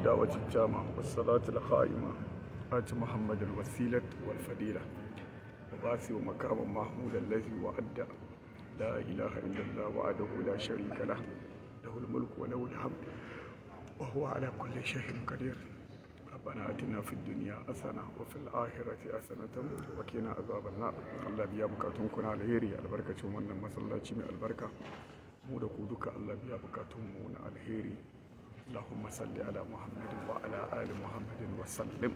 الدعوة التامة والصلاة القائمة آت محمد الوسيلة والفضيلة وغاسي مقام محمود الذي وعد لا إله إلا الله وعده لا شريك له له الملك وله الحمد وهو على كل شيء قدير ربنا آتنا في الدنيا حسنة وفي الآخرة حسنة وقنا عذاب النار الله بيا بكاتونكم على هيري البركة من مسلاتي من البركة mu da ku duka Allah biya bukatunmu na alheri اللهم صل على محمد وعلى آل محمد وسلم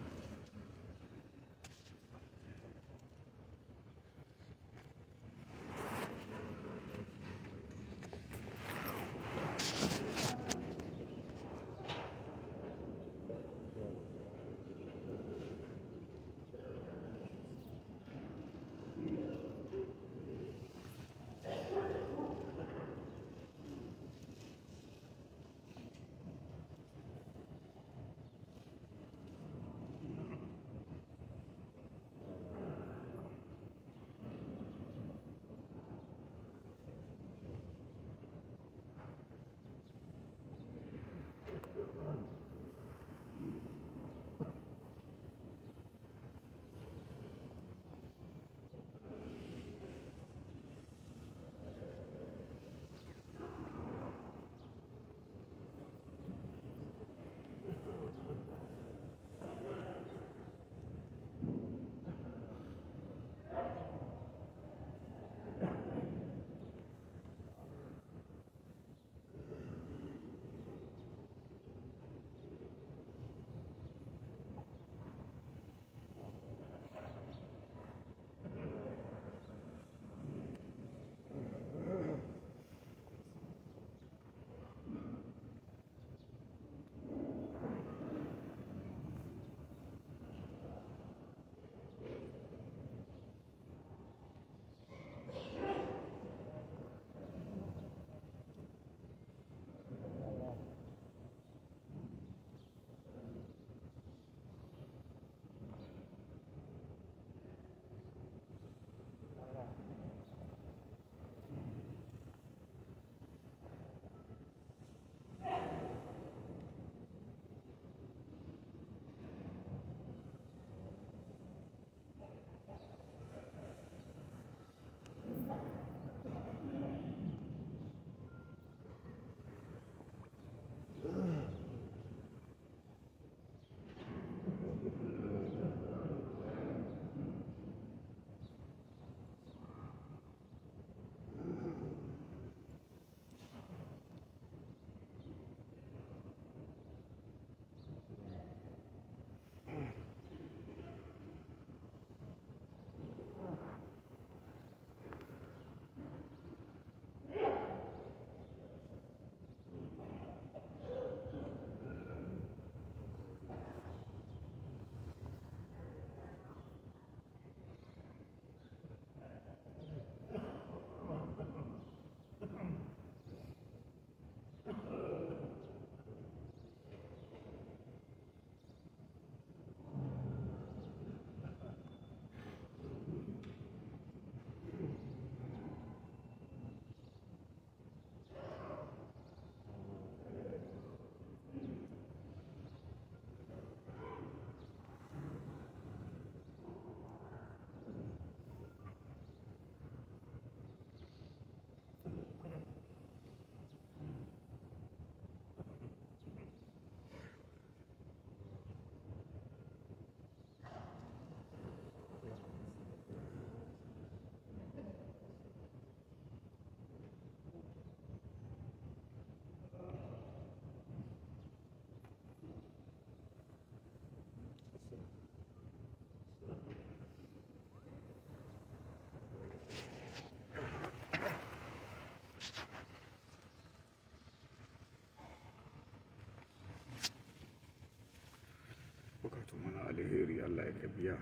bukatun mana alheri Allah ya ka biya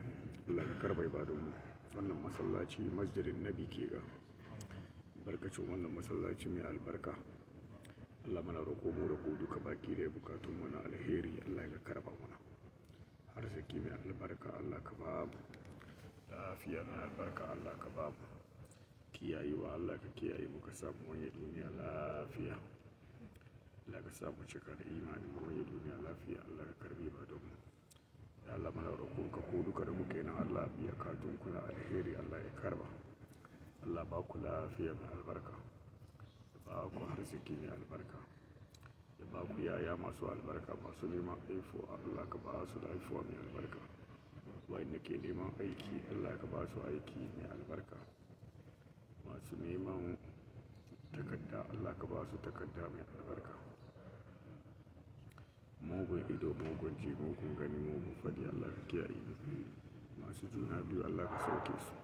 Allah ka karba ibadun mu wannan masallaci masjidin nabi ke ga barkacin wannan masallaci mai albarka Allah mana roƙo mu da duka baki da bukatun mana alheri Allah ya karba mana arziki mai albarka Allah ka ba mu lafiya mai albarka Allah ka ba mu kiyayewa Allah ka kiyaye mu ka samu wani duniya lafiya Allah ka samu cika da imani mu wani duniya lafiya Allah ka karbi ba don mu Allah mana rukun ka ko duka da muke nan Allah biya katun kuna alheri Allah ya karba Allah ba ku lafiya mai albarka ya ba ku harsiki mai albarka ya ba ku yaya masu albarka masu neman aifo Allah ka ba su aifo mai albarka wanda ke neman aiki Allah ka ba su aiki mai albarka masu neman takarda Allah ka ba su takarda mai albarka mugun ido mugun ji mugun gani mugun kiyaye masu juna biyu Allah ka sauke su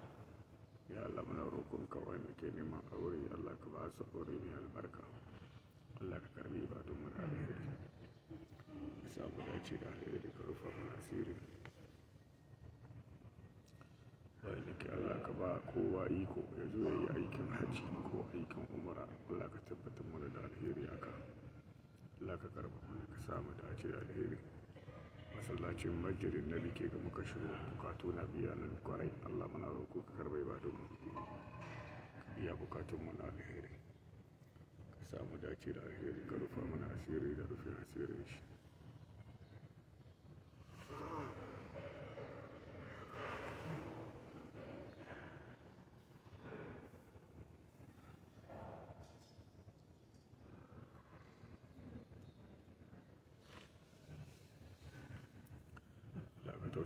ya Allah mana roƙon kawai muke ke neman aure Allah ka ba su aure mai albarka Allah ka karbi ba don muna alheri sa ku dace da alheri ka rufa mana asiri da ke Allah ka ba kowa iko ya zo ya yi aikin hajji ko aikin umara Allah ka tabbatar mana da alheri haka. Allah ka karba mana ka samu dace da alheri masallacin majalin na ke ga muka shigo bukatu na biya nan kwarai Allah muna roƙo ka karbai ba don biya bukatun mu na alheri ka samu dace da alheri ka rufa mana asiri da rufin asirin shi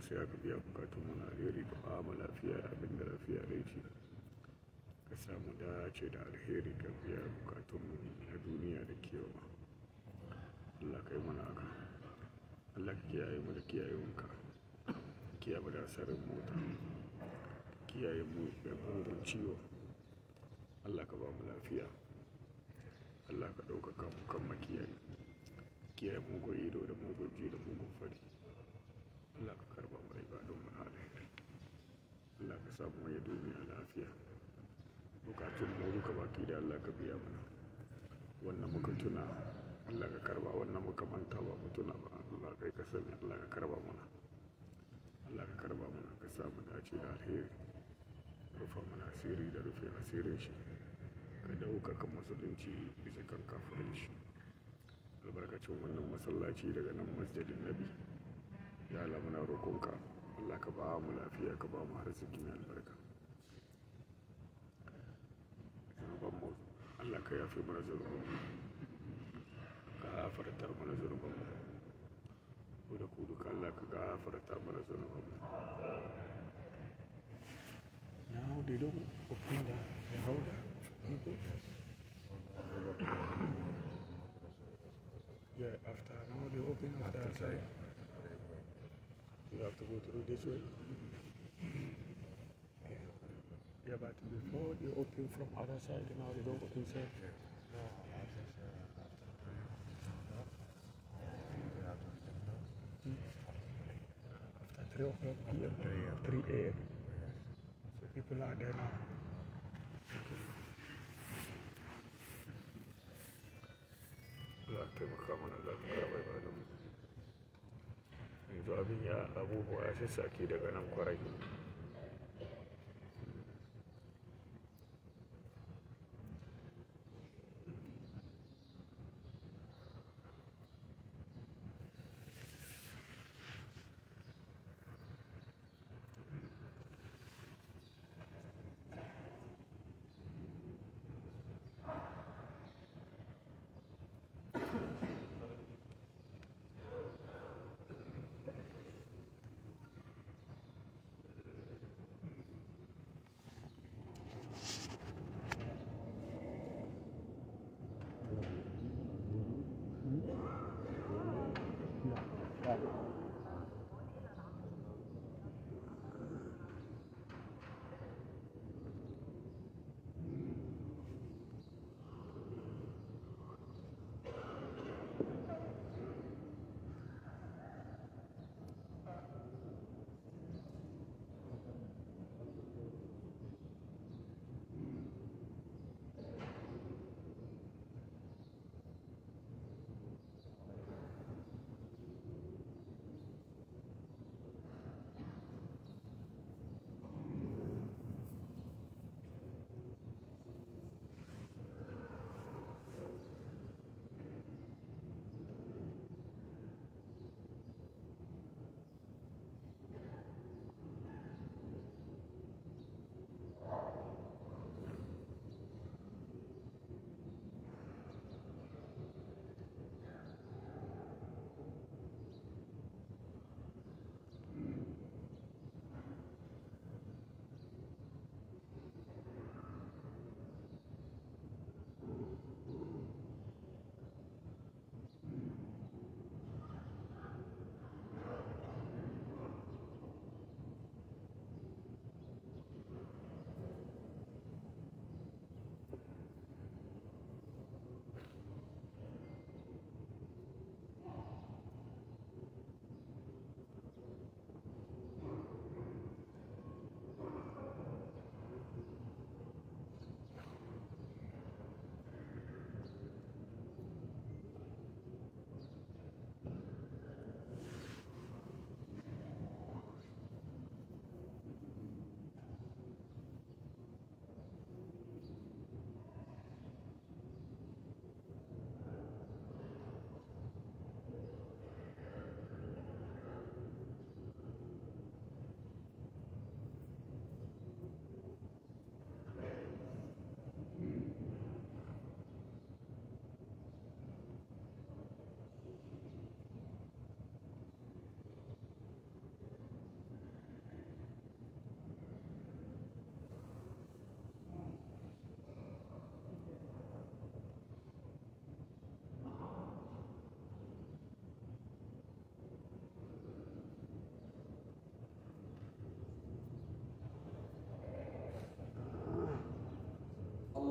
sai aka biya bukatun mu alheri ka ba mu lafiya abin da lafiya rai ce ka samu dace da alheri ka biya bukatun mu na duniya da kewa Allah kai mana aka Allah ka kiyaye mu da wanka kiyaye da sarin mota kiyaye mu da mugun ciwo Allah ka ba mu lafiya Allah ka ɗaukaka mu kan makiyaye kiyaye mugun ido da mugun ji da mugun fari Allah ka karba mu ibadun mu alheri Allah ka sa mu ya duniya lafiya bukatun mu duka baki da Allah ka biya mana wannan muka tuna Allah ka karba wannan muka manta ba mu tuna ba Allah kai ka sani Allah ka karba mana Allah ka karba mana ka sa mu dace da alheri rufa mana asiri da rufe asirin shi ka kan musulunci bisa kan kafirin shi albarkacin wannan masallaci daga nan masjidin nabi ya Allah muna roƙonka Allah ka ba mu lafiya ka ba mu arziki mai albarka zunuban mu Allah ka yafe mana zunuban mu ka gafarta mana zunuban mu ku da ku duka Allah ka gafarta mana zunuban mu now they don't open the, the holder yeah after now they open after, after time. You have to go through this way. Yeah, yeah but before you open from other side, now you don't open side. After 3 o'clock p.m., 3 a.m. So people are there now. Okay. yanzu abin ya abubuwa ya sassake daga nan kwarai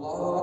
Allah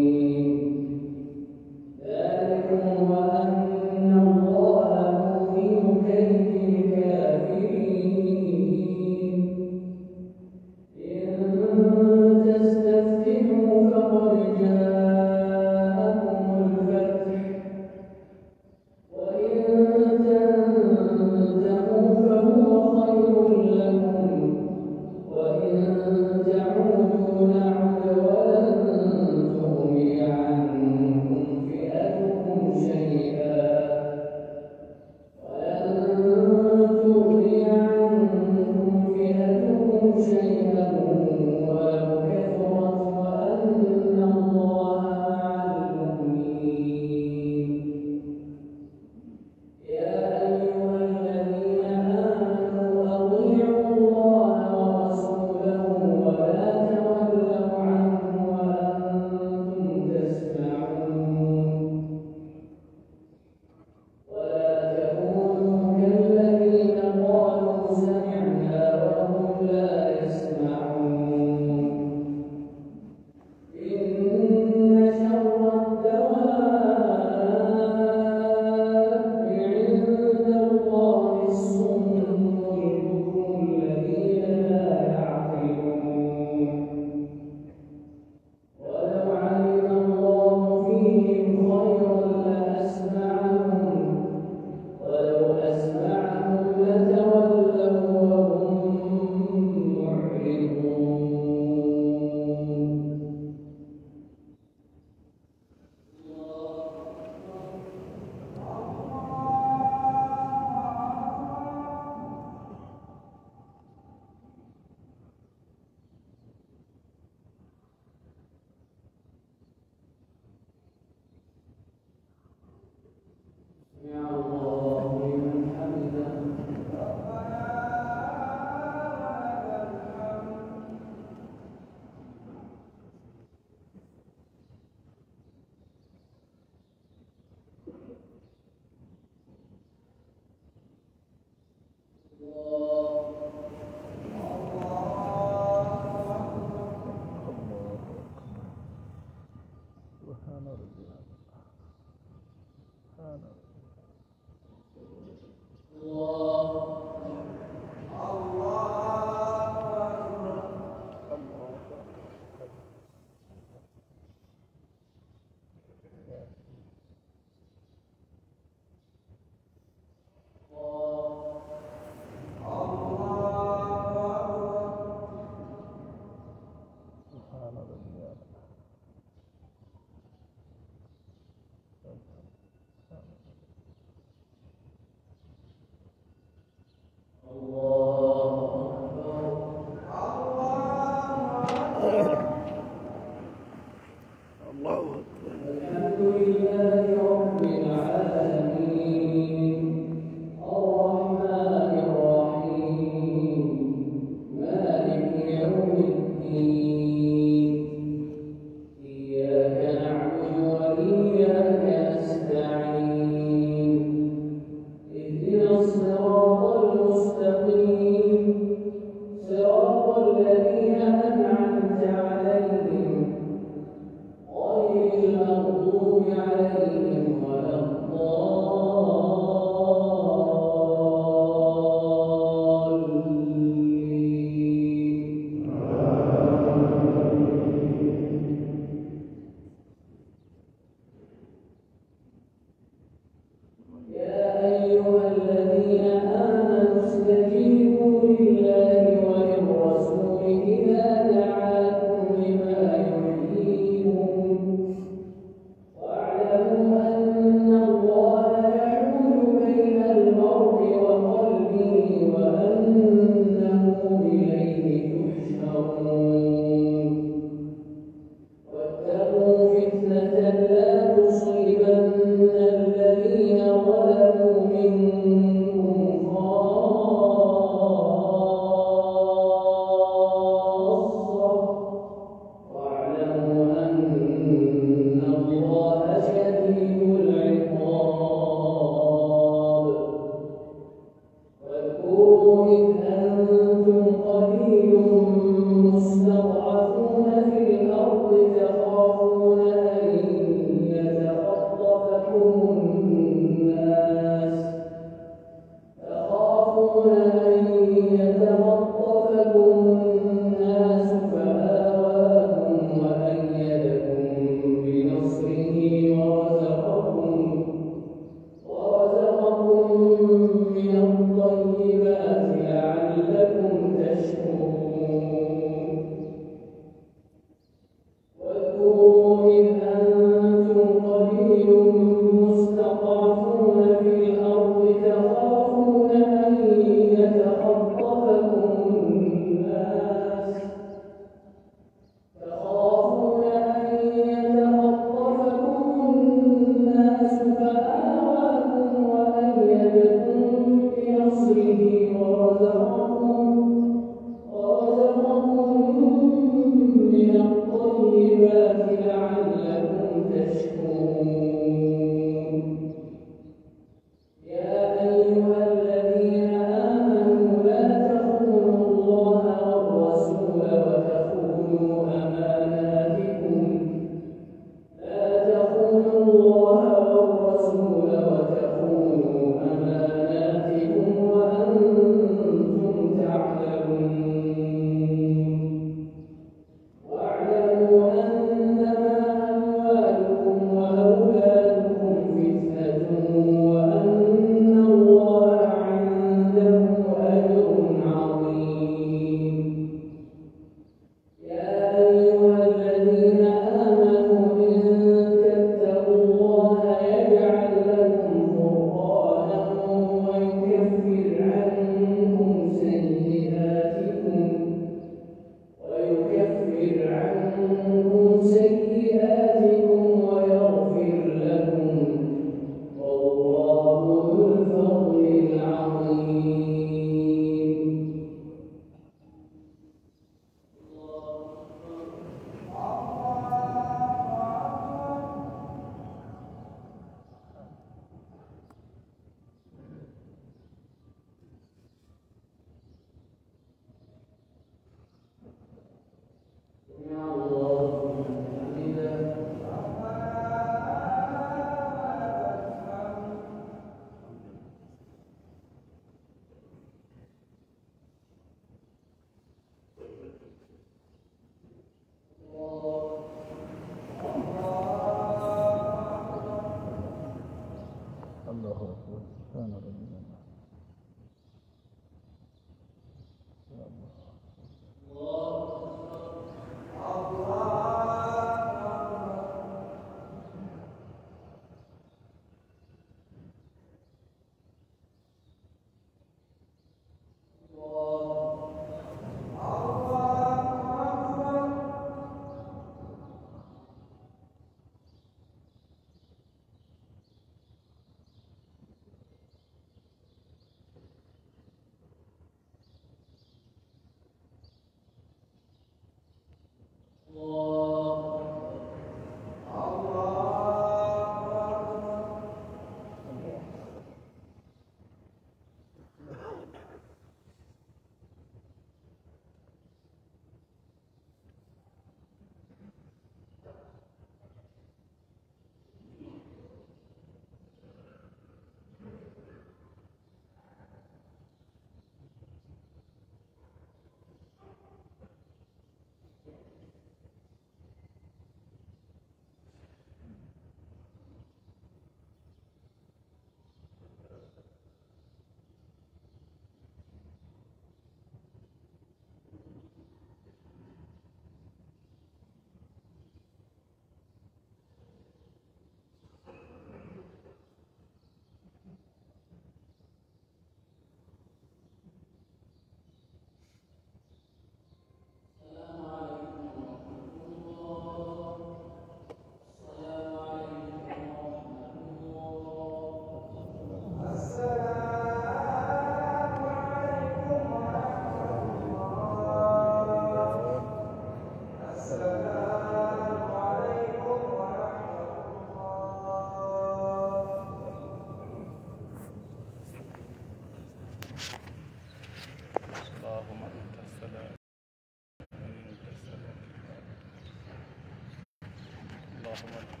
Come on.